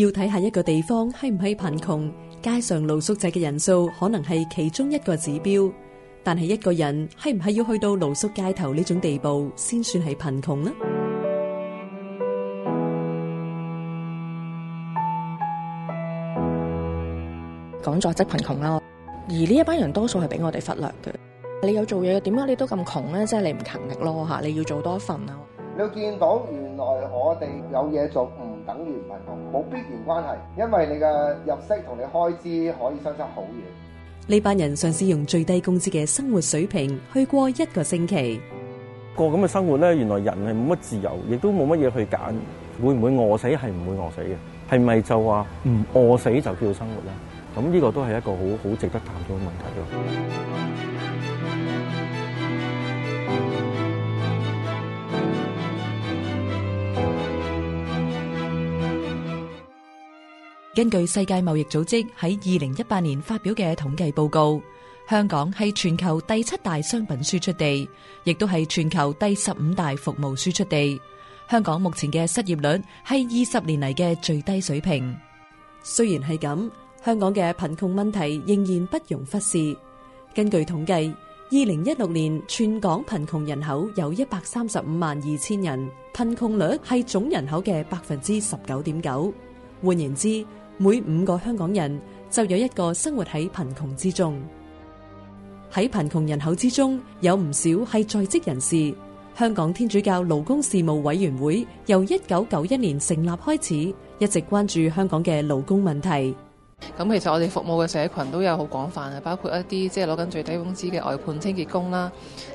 要睇下一個地方係唔係貧窮，街上露宿者嘅人數可能係其中一個指標。但係一個人係唔係要去到露宿街頭呢種地步先算係貧窮呢？講在職貧窮啦，而呢一班人多數係俾我哋忽略嘅。你有做嘢嘅，點解你都咁窮呢？即係你唔勤力咯吓，你要做多一份啊！你見到原來我哋有嘢做。等於唔係，冇必然關係，因為你嘅入息同你開支可以相差好遠。呢班人嘗試用最低工資嘅生活水平去過一個星期，過咁嘅生活咧，原來人係冇乜自由，亦都冇乜嘢去揀、嗯。會唔會餓死？係唔會餓死嘅。係咪就話唔、嗯、餓死就叫做生活咧？咁呢個都係一個好好值得探討嘅問題咯。嗯。根據世界貿易組織喺二零一八年發表嘅統計報告，香港係全球第七大商品輸出地，亦都係全球第十五大服務輸出地。香港目前嘅失業率係二十年嚟嘅最低水平。雖然係咁，香港嘅貧窮問題仍然不容忽視。根據統計，二零一六年全港貧窮人口有一百三十五萬二千人，貧窮率係總人口嘅百分之十九點九。換言之，每五個香港人就有一個生活喺貧窮之中，喺貧窮人口之中，有唔少係在職人士。香港天主教勞工事務委員會由一九九一年成立開始，一直關注香港嘅勞工問題。咁其實我哋服務嘅社群都有好廣泛啊，包括一啲即係攞緊最低工資嘅外判清潔工啦，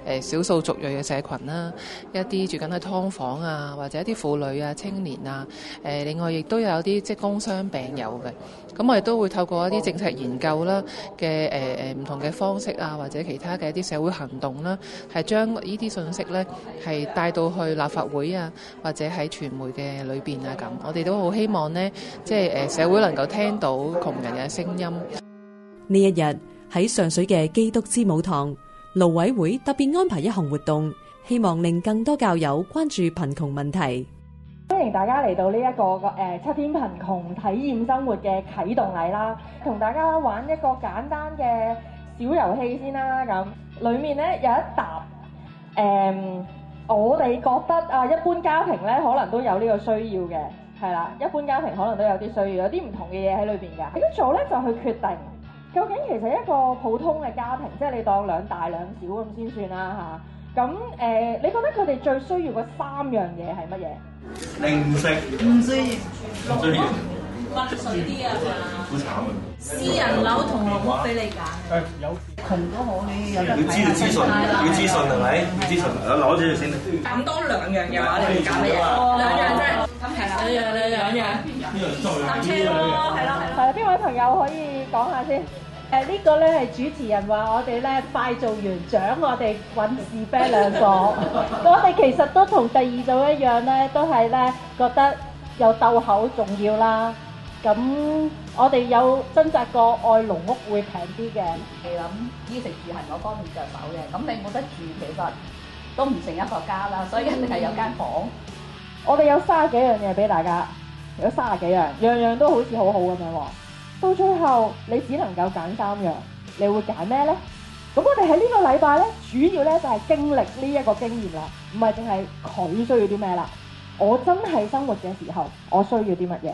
誒少數族裔嘅社群啦，一啲住緊喺劏房啊，或者一啲婦女啊、青年啊，誒，另外亦都有啲即係工傷病友嘅。咁我哋都會透過一啲政策研究啦嘅誒誒唔同嘅方式啊，或者其他嘅一啲社會行動啦，係將呢啲信息呢係帶到去立法會啊，或者喺傳媒嘅裏邊啊咁。我哋都好希望呢，即係誒社會能夠聽到。人嘅聲音呢一日喺上水嘅基督之母堂，勞委會特別安排一項活動，希望令更多教友關注貧窮問題。歡迎大家嚟到呢一個誒七天貧窮體驗生活嘅啟動禮啦，同大家玩一個簡單嘅小遊戲先啦。咁裏面咧，有一集，誒，我哋覺得啊，一般家庭咧可能都有呢個需要嘅。係啦，一般家庭可能都有啲需要，有啲唔同嘅嘢喺裏邊㗎。如果做咧就去決定，究竟其實一個普通嘅家庭，即係你當兩大兩小咁先算啦嚇。咁誒，你覺得佢哋最需要嘅三樣嘢係乜嘢？零食唔需要，資訊啲啊，好慘啊！啊、私人樓同屋屋俾你揀，啊啊，窮都好你有得要知道資訊，要資訊係咪？資訊啊攞住先。咁多兩樣嘢我哋揀乜嘢？兩樣啫。係啦，係啦，係啦，係啦，係啦，係啦。係邊位朋友可以講下先？誒呢個咧係主持人話我哋咧快做完獎，我哋揾視飛兩個。我哋其實都同第二組一樣咧，都係咧覺得有逗口重要啦。咁我哋有掙扎過，愛農屋會平啲嘅。你諗，衣食住行嗰方面着手嘅。咁你冇得住，其實都唔成一個家啦。所以一定係有間房。我哋有三十幾樣嘢俾大家，有三十幾樣，樣樣都好似好好咁樣。到最後你只能夠揀三樣，你會揀咩呢？咁我哋喺呢個禮拜咧，主要咧就係經歷呢一個經驗啦，唔係淨係佢需要啲咩啦。我真係生活嘅時候，我需要啲乜嘢？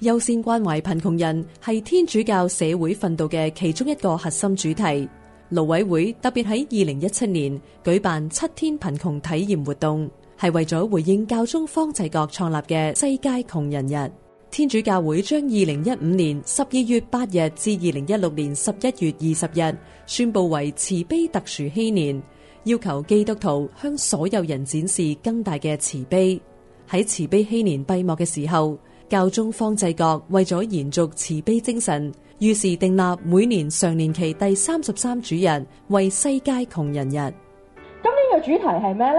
優先關懷貧窮人係天主教社會奮鬥嘅其中一個核心主題。勞委會特別喺二零一七年舉辦七天貧窮體驗活動。係為咗回應教宗方濟各創立嘅世界窮人日。天主教會將二零一五年十二月八日至二零一六年十一月二十日宣布為慈悲特殊禧年，要求基督徒向所有人展示更大嘅慈悲。喺慈悲禧年閉幕嘅時候，教宗方濟各為咗延續慈悲精神，於是訂立每年上年期第三十三主日為世界窮人日。今天嘅主題係咩呢？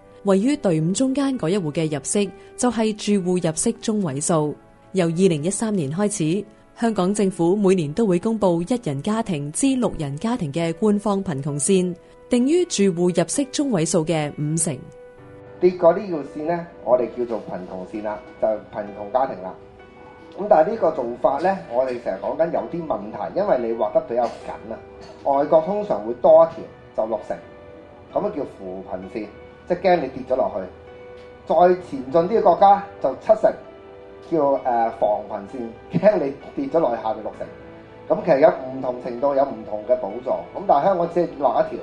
位於隊伍中間嗰一戶嘅入息就係住戶入息中位數。由二零一三年開始，香港政府每年都會公佈一人家庭至六人家庭嘅官方貧窮線，定於住戶入息中位數嘅五成。跌嗰呢條線呢，我哋叫做貧窮線啦，就貧窮家庭啦。咁但係呢個做法呢，我哋成日講緊有啲問題，因為你劃得比較緊啊。外國通常會多一條，就六成，咁啊叫扶貧線。驚你跌咗落去，再前進啲嘅國家就七成叫，誒防貧線，驚你跌咗落去下邊六成。咁其實有唔同程度有唔同嘅補助。咁但係香港只畫一條。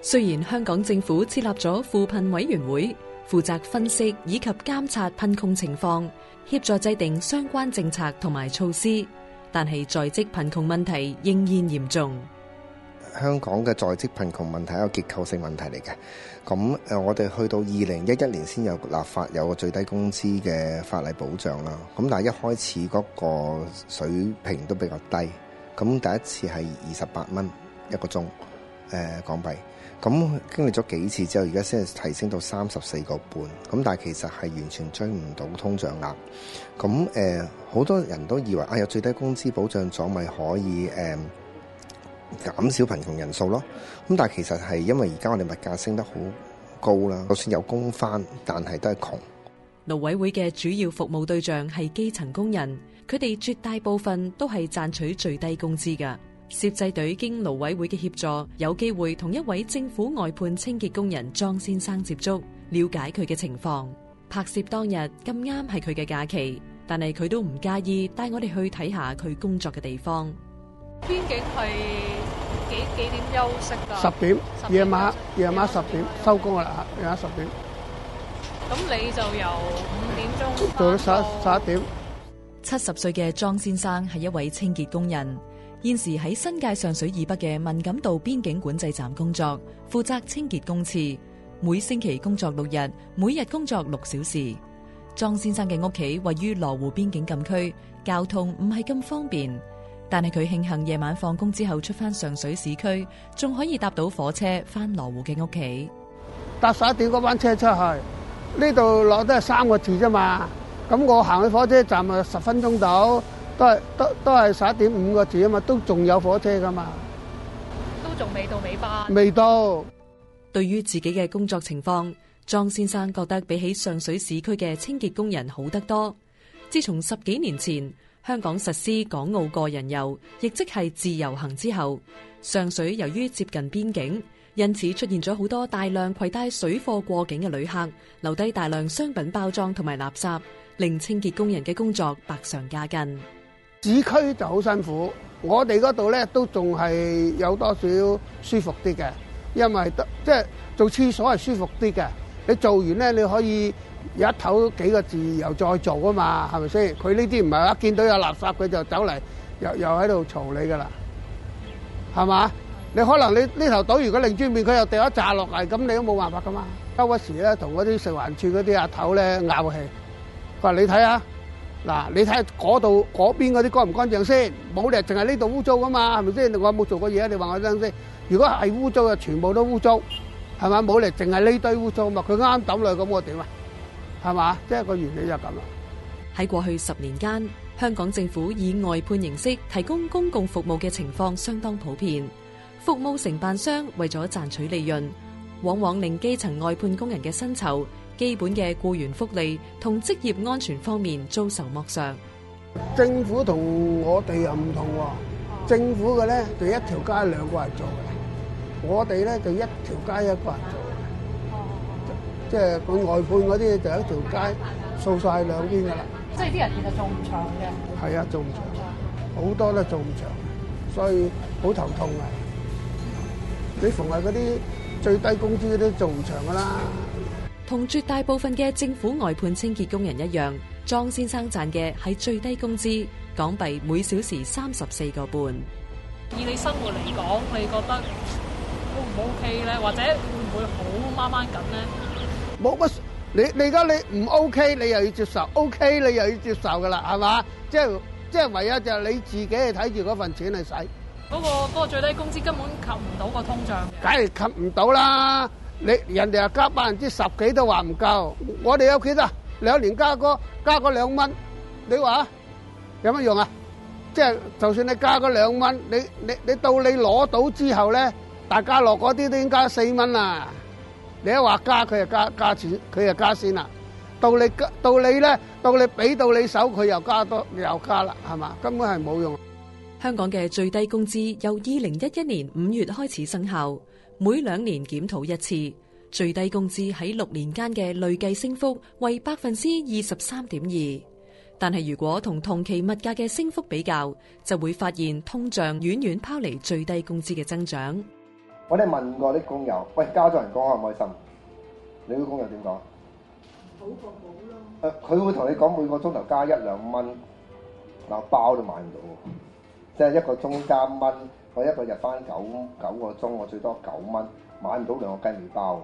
雖然香港政府設立咗扶貧委員會，負責分析以及監察貧窮情況，協助制定相關政策同埋措施，但係在職貧窮問題仍然嚴重。香港嘅在職貧窮問題係一個結構性問題嚟嘅。咁誒，我哋去到二零一一年先有立法，有個最低工資嘅法例保障啦。咁但係一開始嗰個水平都比較低。咁第一次係二十八蚊一個鐘，誒、呃、港幣。咁經歷咗幾次之後，而家先係提升到三十四個半。咁但係其實係完全追唔到通脹額。咁誒，好、呃、多人都以為，啊有最低工資保障咗，咪可以誒？呃減少貧窮人數咯，咁但係其實係因為而家我哋物價升得好高啦，就算有工返，但係都係窮。勞委會嘅主要服務對象係基層工人，佢哋絕大部分都係賺取最低工資㗎。攝製隊經勞委會嘅協助，有機會同一位政府外判清潔工人莊先生接觸，了解佢嘅情況。拍攝當日咁啱係佢嘅假期，但係佢都唔介意帶我哋去睇下佢工作嘅地方。邊境係幾幾點休息噶？十點，夜晚夜晚十點收工啦！夜晚十點。咁你就由五點鐘翻到。到咗十一十一點。七十歲嘅莊先生係一位清潔工人，現時喺新界上水以北嘅文錦渡邊境管制站工作，負責清潔公廁。每星期工作六日，每日工作六小時。莊先生嘅屋企位於羅湖邊境禁區，交通唔係咁方便。但係佢慶幸夜晚放工之後出翻上水市區，仲可以搭到火車翻羅湖嘅屋企。搭十一點嗰班車出去，呢度落都係三個字啫嘛。咁我行去火車站啊，十分鐘到，都係都都係十一點五個字啊嘛，都仲有火車噶嘛，都仲未到尾班。未到。對於自己嘅工作情況，莊先生覺得比起上水市區嘅清潔工人好得多。自從十幾年前。香港實施港澳個人遊，亦即係自由行之後，上水由於接近邊境，因此出現咗好多大量攜帶水貨過境嘅旅客，留低大量商品包裝同埋垃圾，令清潔工人嘅工作百上加斤。市區就好辛苦，我哋嗰度咧都仲係有多少舒服啲嘅，因為即係做廁所係舒服啲嘅，你做完咧你可以。一唞幾個字又再做啊嘛，係咪先？佢呢啲唔係一見到有垃圾佢就走嚟，又又喺度嘈你噶啦，係嘛？你可能你呢頭倒，如果擰轉面佢又掉一紮落嚟，咁你都冇辦法噶嘛？嗰時咧同嗰啲食環署嗰啲阿頭咧拗氣，佢話你睇下，嗱你睇下嗰度嗰邊嗰啲乾唔乾淨先，冇嚟淨係呢度污糟噶嘛，係咪先？你話冇做過嘢啊？你話我聽先？如果係污糟嘅，全部都污糟，係咪？冇嚟淨係呢堆污糟物，佢啱啱倒嚟咁，我點啊？係嘛？即係個原理就咁啦。喺過去十年間，香港政府以外判形式提供公共服務嘅情況相當普遍。服務承辦商為咗賺取利潤，往往令基層外判工人嘅薪酬，基本嘅僱員福利同職業安全方面遭受剝削。政府同我哋又唔同，政府嘅咧就一條街兩個人做嘅，我哋咧就一條街一個人做的。即係佢外判嗰啲，就一條街掃晒兩邊噶啦。即係啲人其實做唔長嘅。係啊，做唔長。好多都做唔長，所以好頭痛啊！你逢係嗰啲最低工資嗰啲做唔長噶啦。同絕大部分嘅政府外判清潔工人一樣，莊先生賺嘅係最低工資，港幣每小時三十四個半。以你生活嚟講，你覺得 O 唔 OK 咧？或者會唔會好掹掹緊咧？冇乜，你你而家你唔 OK，你又要接受 OK，你又要接受噶啦，係嘛？即係即係唯一就你自己去睇住嗰份錢嚟使。嗰個嗰個最低工資根本及唔到個通脹，梗係及唔到啦！你人哋又加百分之十幾都話唔夠，我哋屋企啦，兩年加個加個兩蚊，你話有乜用啊？即係就算你加個兩蚊，你你你到你攞到之後咧，大家樂嗰啲都應加了四蚊啊！你一話加佢就加加錢，佢就加先啦。到你到你咧，到你俾到你手，佢又加多你又加啦，係嘛？根本係冇用的。香港嘅最低工資由二零一一年五月開始生效，每兩年檢討一次。最低工資喺六年間嘅累計升幅為百分之二十三點二，但係如果同同期物價嘅升幅比較，就會發現通脹遠遠拋離最低工資嘅增長。我哋問過啲工友，喂，加咗人工開唔開心？你啲工友點講？好過冇咯。誒，佢會同你講每個鐘頭加一兩蚊，嗱，包都買唔到，即係一個鐘加蚊。我一個日翻九九個鐘，我最多九蚊，買唔到兩個雞麵包。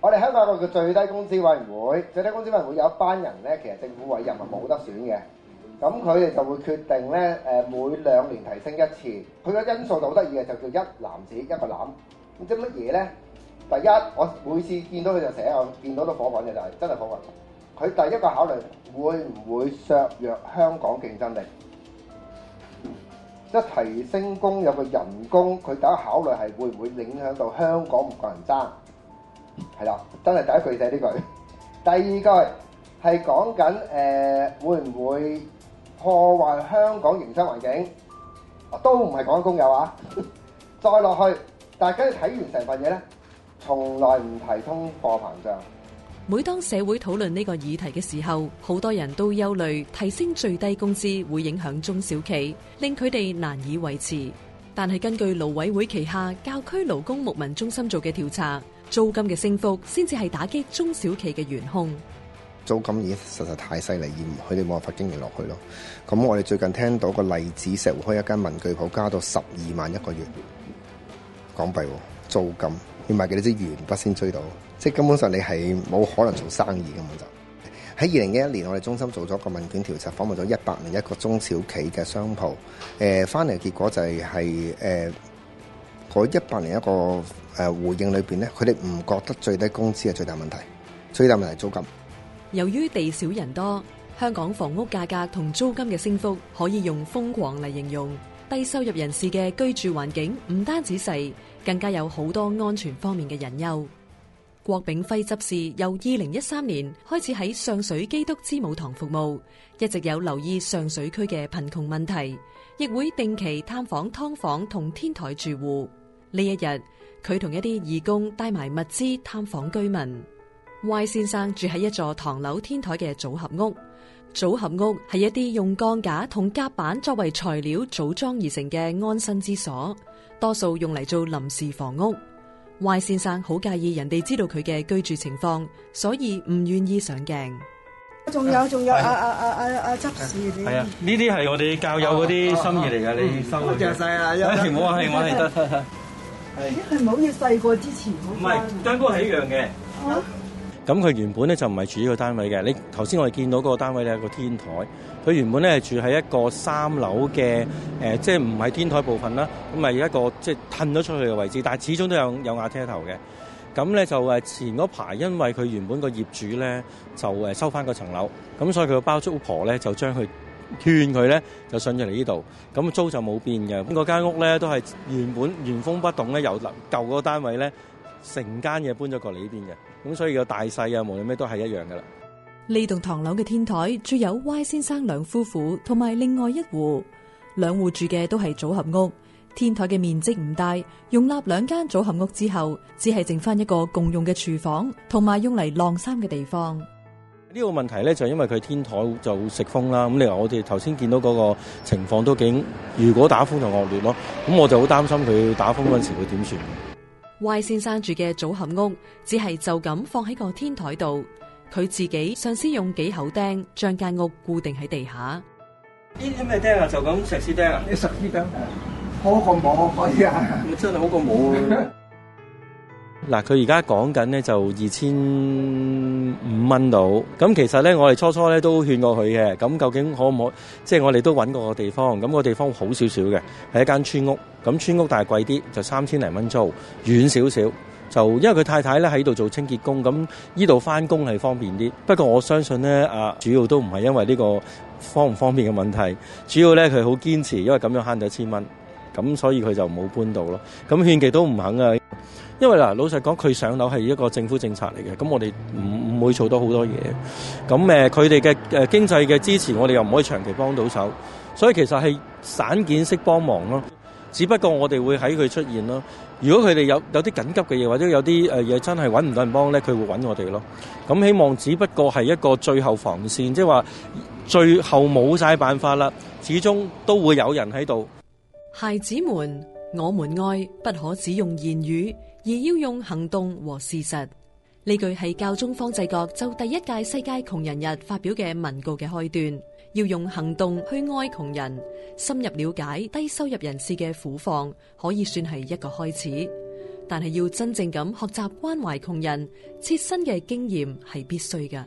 我哋香港個個最低工資委員會，最低工資委員會有一班人咧，其實政府委任，係冇得選嘅。咁佢哋就會決定咧，誒，每兩年提升一次。佢個因素就好得意嘅，就叫一籃子一個籃。咁即係乜嘢咧？第一，我每次見到佢就寫，我見到都火滾嘅，就係真係火滾。佢第一個考慮會唔會削弱香港競爭力？一提升工友嘅人工，佢第一考慮係會唔會影響到香港唔夠人爭？係啦，真係第一句寫呢句。第二句係講緊誒，會唔會破壞香港營商環境？都唔係講工友啊！再落去。大家睇完成份嘢咧，從來唔提通貨膨脹。每當社會討論呢個議題嘅時候，好多人都憂慮提升最低工資會影響中小企，令佢哋難以維持。但係根據勞委會旗下教區勞工牧民中心做嘅調查，租金嘅升幅先至係打擊中小企嘅元凶。租金已經實在太犀利，而佢哋冇辦法經營落去咯。咁我哋最近聽到個例子，石湖墟一間文具鋪加到十二萬一個月。港幣租金要賣幾多支鉛筆先追到？即係根本上你係冇可能做生意咁樣。就喺二零一一年，我哋中心做咗個問卷調查，訪問咗一百零一個中小企嘅商鋪。誒、呃，翻嚟嘅結果就係係誒，嗰一百零一個誒回應裏邊咧，佢哋唔覺得最低工資係最大問題，最大問題是租金。由於地少人多，香港房屋價格同租金嘅升幅可以用瘋狂嚟形容。低收入人士嘅居住環境唔單止細，更加有好多安全方面嘅隱憂。郭炳輝執事由二零一三年開始喺上水基督之母堂服務，一直有留意上水區嘅貧窮問題，亦會定期探訪劏房同天台住戶。呢一日，佢同一啲義工帶埋物資探訪居民。Y 先生住喺一座唐樓天台嘅組合屋。組合屋係一啲用鋼架同夾板作為材料組裝而成嘅安身之所，多數用嚟做臨時房屋。壞先生好介意人哋知道佢嘅居住情況，所以唔願意上鏡。仲有仲有阿啊啊啊，啊，啊，啊啊啊執事，係啊，呢啲係我哋教友嗰啲心意嚟噶，你收晒、嗯、啊，唔好啊，我係得，係唔好似細個之前，唔係張哥係一樣嘅。咁佢原本咧就唔係住呢個單位嘅。你頭先我哋見到嗰個單位咧係個天台，佢原本咧係住喺一個三樓嘅誒，即係唔係天台部分啦，咁係一個即係褪咗出去嘅位置，但係始終都有有瓦車頭嘅。咁咧就誒前嗰排因為佢原本個業主咧就誒收翻個層樓，咁所以佢個包租婆咧就將佢勸佢咧就上咗嚟呢度，咁租就冇變嘅。嗰個間屋咧都係原本原封不動咧，由舊舊嗰個單位咧。成間嘢搬咗過嚟呢邊嘅，咁所以個大細啊，無論咩都係一樣噶啦。呢棟唐樓嘅天台住有 Y 先生兩夫婦同埋另外一戶，兩戶住嘅都係組合屋。天台嘅面積唔大，容納兩間組合屋之後，只係剩翻一個共用嘅廚房同埋用嚟晾衫嘅地方。呢個問題咧就係因為佢天台就食風啦。咁你話我哋頭先見到嗰個情況都幾，如果打風同惡劣咯。咁我就好擔心佢打風嗰陣時會點算。嗯 Y 先生住嘅組合屋，只係就咁放喺個天台度，佢自己上試用幾口釘將間屋固定喺地下。呢啲咩釘啊？就咁石屎釘啊？石屎釘，好過冇可以啊？真係好過冇。哎嗱，佢而家講緊咧就二千五蚊到，咁其實咧我哋初初咧都勸過佢嘅，咁究竟可唔可？即係我哋都揾過個地方，咁個地方好少少嘅，係一間村屋，咁村屋大係貴啲，就三千零蚊租，遠少少，就因為佢太太咧喺度做清潔工，咁依度翻工係方便啲。不過我相信咧，啊主要都唔係因為呢個方唔方便嘅問題，主要咧佢好堅持，因為咁樣慳咗一千蚊，咁所以佢就冇搬到咯。咁勸極都唔肯啊！因為嗱，老實講，佢上樓係一個政府政策嚟嘅，咁我哋唔唔會做到好多嘢。咁誒，佢哋嘅誒經濟嘅支持，我哋又唔可以長期幫到手，所以其實係散件式幫忙咯。只不過我哋會喺佢出現咯。如果佢哋有有啲緊急嘅嘢，或者有啲誒嘢真係揾唔到人幫咧，佢會揾我哋咯。咁希望只不過係一個最後防線，即係話最後冇晒辦法啦，始終都會有人喺度。孩子們，我們愛不可只用言語。而要用行動和事實，呢句係教宗方濟各就第一屆世界窮人日發表嘅文告嘅開端。要用行動去愛窮人，深入了解低收入人士嘅苦況，可以算係一個開始。但係要真正咁學習關懷窮人，切身嘅經驗係必須嘅。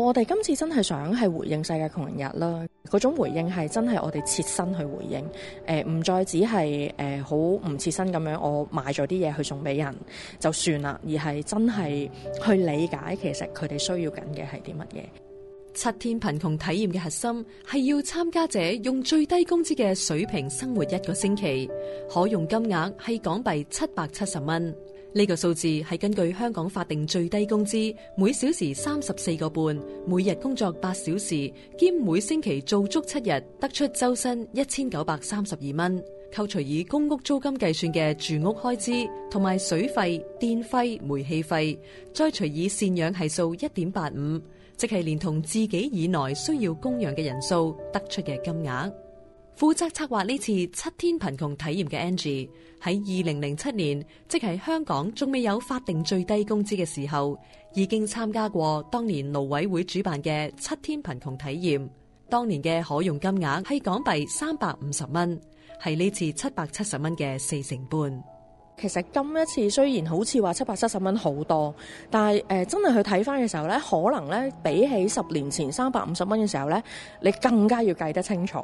我哋今次真係想係回應世界窮人日啦，嗰種回應係真係我哋切身去回應，誒唔再只係誒好唔切身咁樣，我買咗啲嘢去送俾人就算啦，而係真係去理解其實佢哋需要緊嘅係啲乜嘢。七天貧窮體驗嘅核心係要參加者用最低工資嘅水平生活一個星期，可用金額係港幣七百七十蚊。呢個數字係根據香港法定最低工資每小時三十四個半，每日工作八小時，兼每星期做足七日，得出周薪一千九百三十二蚊，扣除以公屋租金計算嘅住屋開支，同埋水費、電費、煤氣費，再除以贍養係數一點八五，即係連同自己以內需要供養嘅人數得出嘅金額。負責策劃呢次七天貧窮體驗嘅 Angie 喺二零零七年，即係香港仲未有法定最低工資嘅時候，已經參加過當年勞委會主辦嘅七天貧窮體驗。當年嘅可用金額係港幣三百五十蚊，係呢次七百七十蚊嘅四成半。其實今一次雖然好似話七百七十蚊好多，但係誒、呃、真係去睇翻嘅時候呢，可能呢比起十年前三百五十蚊嘅時候呢，你更加要計得清楚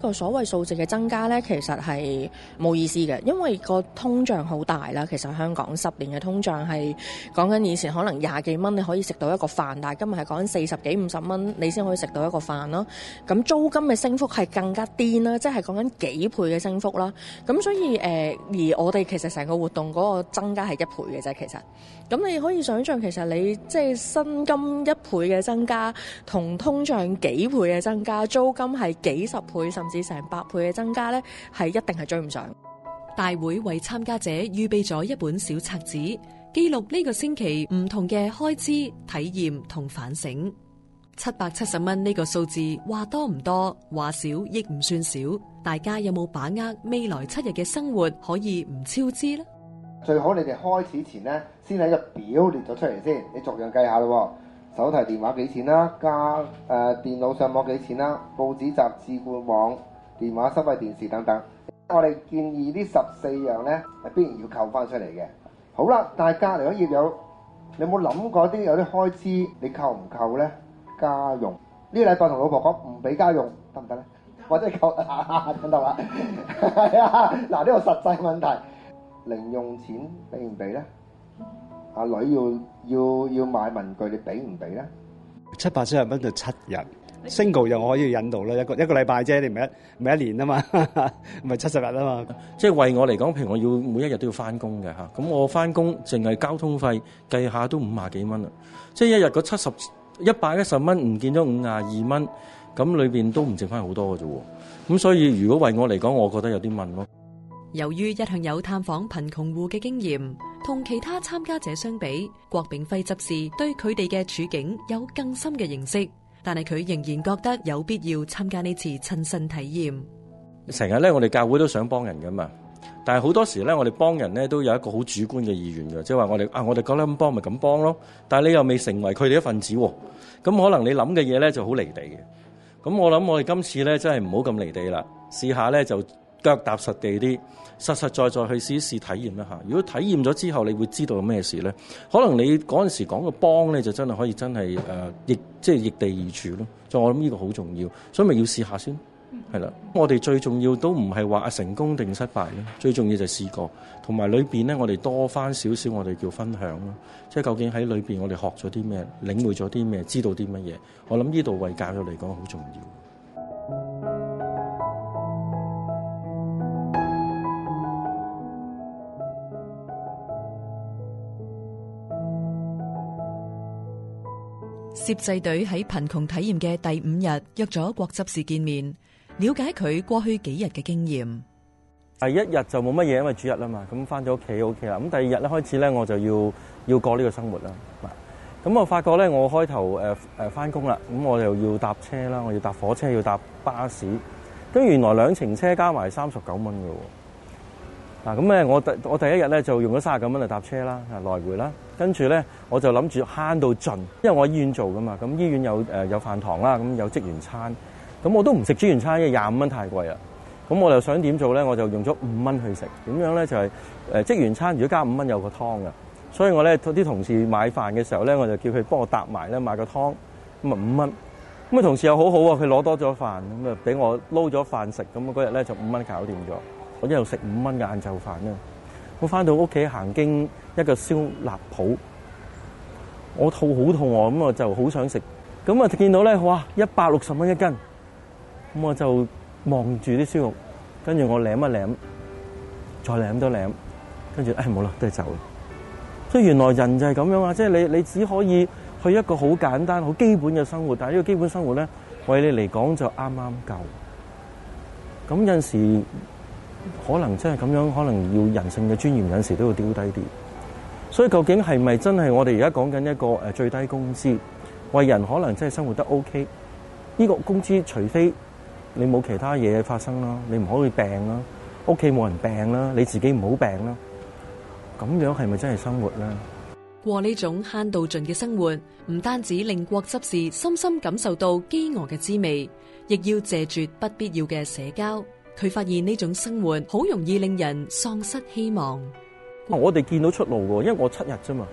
個所謂數字嘅增加呢，其實係冇意思嘅，因為個通脹好大啦。其實香港十年嘅通脹係講緊以前可能廿幾蚊你可以食到一個飯，但係今日係講緊四十幾五十蚊你先可以食到一個飯咯。咁租金嘅升幅係更加癲啦，即係講緊幾倍嘅升幅啦。咁所以誒、呃、而我哋其實成個活動嗰個增加係一倍嘅啫，其實咁你可以想象其實你即係薪金一倍嘅增加，同通脹幾倍嘅增加，租金係幾十倍甚至成百倍嘅增加呢，係一定係追唔上。大會為參加者預備咗一本小冊子，記錄呢個星期唔同嘅開支、體驗同反省。七百七十蚊呢個數字話多唔多，話少亦唔算少。大家有冇把握未來七日嘅生活可以唔超支咧？最好你哋開始前咧，先喺個表列咗出嚟先，你逐樣計下咯。手提電話幾錢啦？加誒，電腦上網幾錢啦？報紙雜誌、互聯網、電話、收費電視等等。我哋建議呢十四樣咧，係必然要扣翻出嚟嘅。好啦，但係隔籬嗰頁有，你冇諗過啲有啲開支，你扣唔扣咧？家用呢禮拜同老婆講唔俾家用得唔得咧？或者係夠引等啦，係啊！嗱，呢個實際問題，零用錢俾唔俾咧？阿女要要要買文具，你俾唔俾咧？七百七十蚊就七日，single 又我可以引導啦，一個一個禮拜啫，你唔係一唔係一年啊嘛，唔係七十日啊嘛。即係為我嚟講，譬如我要每一日都要翻工嘅吓，咁我翻工淨係交通費計下都五廿幾蚊啦，即係一日嗰七十。一百一十蚊唔見咗五十二蚊，咁裏邊都唔剩翻好多嘅啫喎，咁所以如果為我嚟講，我覺得有啲問咯。由於一向有探訪貧窮戶嘅經驗，同其他參加者相比，郭炳輝執事對佢哋嘅處境有更深嘅認識，但係佢仍然覺得有必要參加呢次親身體驗。成日咧，我哋教會都想幫人噶嘛。但係好多時咧，我哋幫人咧都有一個好主觀嘅意願嘅，即係話我哋啊，我哋覺得咁幫咪咁幫咯。但係你又未成為佢哋一份子喎，咁可能你諗嘅嘢咧就好離地嘅。咁我諗我哋今次咧真係唔好咁離地啦，試下咧就腳踏實地啲，實實在在去試一試體驗一下。如果體驗咗之後，你會知道有咩事咧？可能你嗰陣時講嘅幫咧，就真係可以真係亦即係易地而處咯。所以我諗呢個好重要，所以咪要試下先。係啦， 我哋最重要都唔係話啊成功定失敗咯，最重要就係試過，同埋裏邊咧，我哋多翻少少，我哋叫分享咯，即係究竟喺裏邊我哋學咗啲咩，領會咗啲咩，知道啲乜嘢，我諗呢度為教育嚟講好重要。攝製隊喺貧窮體驗嘅第五日約咗國執事見面。了解佢過去幾日嘅經驗，第一日就冇乜嘢，因為主日啦嘛，咁翻咗屋企 OK 啦。咁第二日咧開始咧，我就要要過呢個生活啦。咁我發覺咧，我開頭誒誒翻工啦，咁我又要搭車啦，我要搭火車，要搭巴士。咁原來兩程車加埋三十九蚊噶嗱，咁咧我第我第一日咧就用咗三十九蚊嚟搭車啦，來回啦。跟住咧，我就諗住慳到盡，因為我喺醫院做噶嘛，咁醫院有誒有飯堂啦，咁有職員餐。咁我都唔食職員餐，因為廿五蚊太貴啦。咁我就想點做咧？我就用咗五蚊去食。點樣咧？就係、是、誒、呃、職員餐，如果加五蚊有個湯噶。所以我咧啲同事買飯嘅時候咧，我就叫佢幫我搭埋咧買個湯，咁啊五蚊。咁啊同事又好好喎，佢攞多咗飯，咁啊俾我撈咗飯食。咁嗰日咧就五蚊搞掂咗。我一路食五蚊嘅晏晝飯啦。我返到屋企行經一個燒臘鋪，我肚好痛喎，咁我就好想食。咁啊見到咧，哇一百六十蚊一斤！咁我就望住啲燒肉，跟住我舐一舐，再舐多舐，跟住唉，冇啦，都係、哎、走。所以原來人就係咁樣啊！即、就、係、是、你你只可以去一個好簡單、好基本嘅生活，但係呢個基本生活咧，為你嚟講就啱啱夠。咁有陣時可能真係咁樣，可能要人性嘅尊嚴，有陣時都要丟低啲。所以究竟係咪真係我哋而家講緊一個誒最低工資，為人可能真係生活得 OK？呢個工資除非～你冇其他嘢發生啦，你唔可以病啦，屋企冇人病啦，你自己唔好病啦，咁樣係咪真係生活咧？過呢種慳到盡嘅生活，唔單止令郭執事深深感受到飢餓嘅滋味，亦要謝絕不必要嘅社交。佢發現呢種生活好容易令人喪失希望。我哋見到出路嘅，因為我七日啫嘛，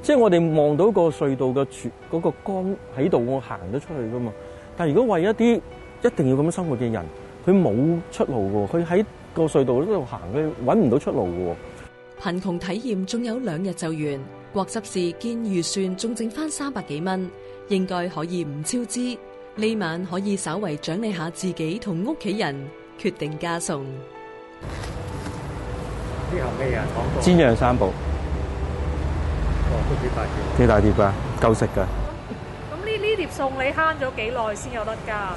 即係我哋望到個隧道嘅嗰個光喺度，我行得出去㗎嘛。但係如果為一啲，一定要咁樣生活嘅人，佢冇出路嘅。佢喺個隧道嗰度行，佢搵唔到出路嘅。貧窮體驗仲有兩日就完，國執時見預算仲剩翻三百幾蚊，應該可以唔超支。呢晚可以稍為獎勵下自己同屋企人，決定加餸。啲後尾啊，講到煎釀三寶，哦，都幾大碟，幾大碟噶？夠食噶？咁呢？呢碟餸你慳咗幾耐先有得加？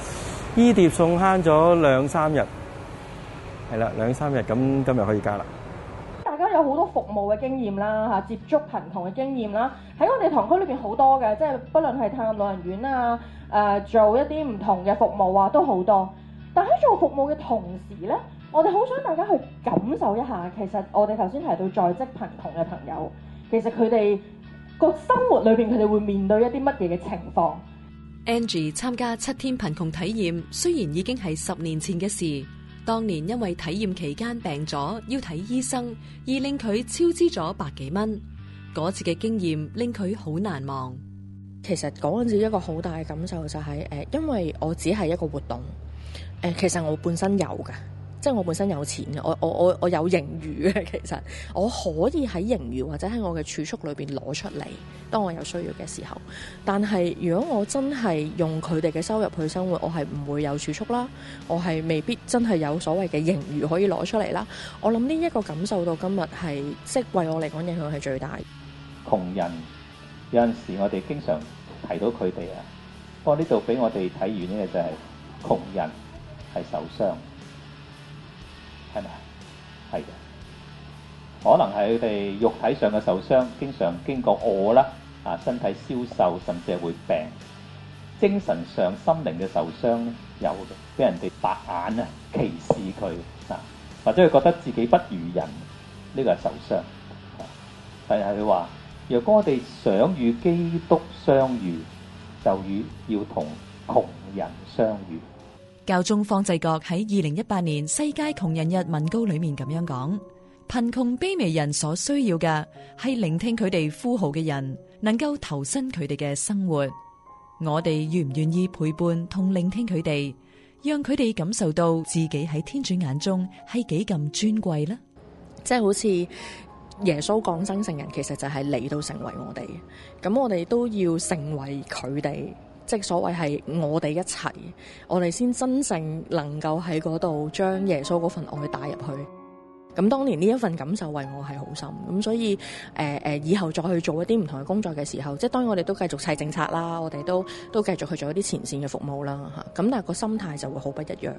伊碟送慳咗兩三日，係啦，兩三日咁，今日可以加啦。大家有好多服務嘅經驗啦，吓，接觸貧窮嘅經驗啦，喺我哋堂區裏邊好多嘅，即係不論係探老人院啊，誒、呃，做一啲唔同嘅服務啊，都好多。但喺做服務嘅同時呢，我哋好想大家去感受一下，其實我哋頭先提到在職貧窮嘅朋友，其實佢哋個生活裏邊，佢哋會面對一啲乜嘢嘅情況。Angie 參加七天貧窮體驗，雖然已經係十年前嘅事，當年因為體驗期間病咗要睇醫生，而令佢超支咗百幾蚊。嗰次嘅經驗令佢好難忘。其實嗰時一個好大嘅感受就係，誒，因為我只係一個活動，誒，其實我本身有嘅。即係我本身有錢嘅，我我我我有盈餘嘅，其實我可以喺盈餘或者喺我嘅儲蓄裏邊攞出嚟，當我有需要嘅時候。但係如果我真係用佢哋嘅收入去生活，我係唔會有儲蓄啦，我係未必真係有所謂嘅盈餘可以攞出嚟啦。我諗呢一個感受到今日係，即係為我嚟講影響係最大。窮人有陣時，我哋經常提到佢哋啊。不過呢度俾我哋睇完呢個、就是，就係窮人係受傷。係咪？係嘅，可能係佢哋肉體上嘅受傷，經常經過餓啦，啊身體消瘦，甚至係會病；精神上心靈嘅受傷咧，有嘅，俾人哋白眼啊，歧視佢啊，或者佢覺得自己不如人，呢個係受傷。但係佢話，若果我哋想與基督相遇，就與要同窮人相遇。教宗方濟各喺二零一八年世界窮人日文告裏面咁樣講：貧窮卑微人所需要嘅，係聆聽佢哋呼號嘅人，能夠投身佢哋嘅生活。我哋願唔願意陪伴同聆聽佢哋，讓佢哋感受到自己喺天主眼中係幾咁尊貴呢？即係好似耶穌降生成人，其實就係你都成為我哋，咁我哋都要成為佢哋。即所謂係我哋一齊，我哋先真正能夠喺嗰度將耶穌嗰份愛帶入去。咁當年呢一份感受為我係好深，咁所以誒誒、呃、以後再去做一啲唔同嘅工作嘅時候，即係當然我哋都繼續砌政策啦，我哋都都繼續去做一啲前線嘅服務啦嚇。咁但係個心態就會好不一樣。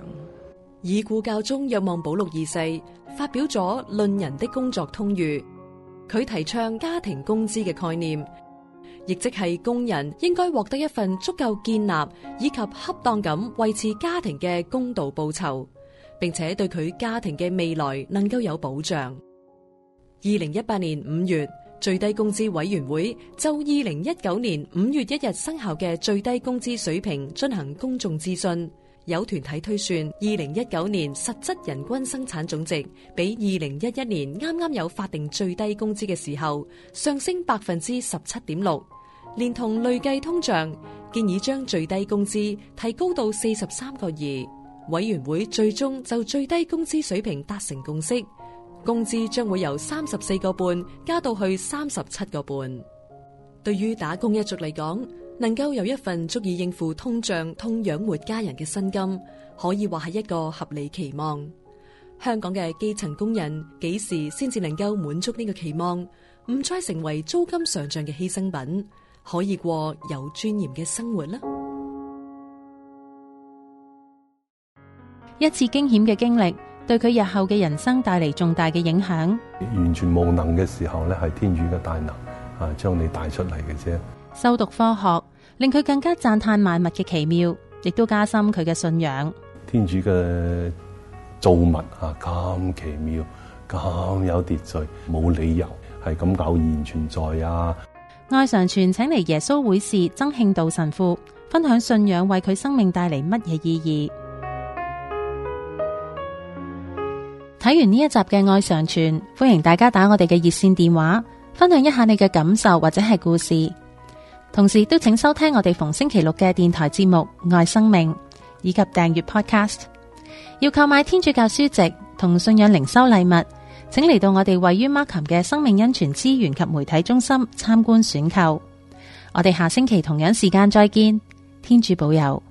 已故教宗若望保祿二世發表咗《論人的工作通諭》，佢提倡家庭工資嘅概念。亦即係工人應該獲得一份足夠建立以及恰當咁維持家庭嘅公道報酬，並且對佢家庭嘅未來能夠有保障。二零一八年五月，最低工資委員會就二零一九年五月一日生效嘅最低工資水平進行公眾諮詢。有團體推算，二零一九年實質人均生產總值比二零一一年啱啱有法定最低工資嘅時候上升百分之十七點六。連同累計通脹，建議將最低工資提高到四十三個二。委員會最終就最低工資水平達成共識，工資將會由三十四個半加到去三十七個半。對於打工一族嚟講，能夠有一份足以應付通脹、同養活家人嘅薪金，可以話係一個合理期望。香港嘅基層工人幾時先至能夠滿足呢個期望，唔再成為租金上漲嘅犧牲品？可以過有尊嚴嘅生活啦！一次驚險嘅經歷，對佢日後嘅人生帶嚟重大嘅影響。完全無能嘅時候咧，係天主嘅大能啊，將你帶出嚟嘅啫。修讀科學，令佢更加讚嘆萬物嘅奇妙，亦都加深佢嘅信仰。天主嘅造物啊，咁奇妙，咁有秩序，冇理由係咁偶然存在啊！愛常傳，請嚟耶穌會士曾慶道神父分享信仰為佢生命帶嚟乜嘢意義。睇完呢一集嘅愛常傳，歡迎大家打我哋嘅熱線電話，分享一下你嘅感受或者係故事。同時都請收聽我哋逢星期六嘅電台節目《愛生命》，以及訂閱 Podcast。要購買天主教書籍同信仰靈修禮物。請嚟到我哋位於 Markham 嘅生命恩泉資源及媒體中心參觀選購，我哋下星期同樣時間再見，天主保佑。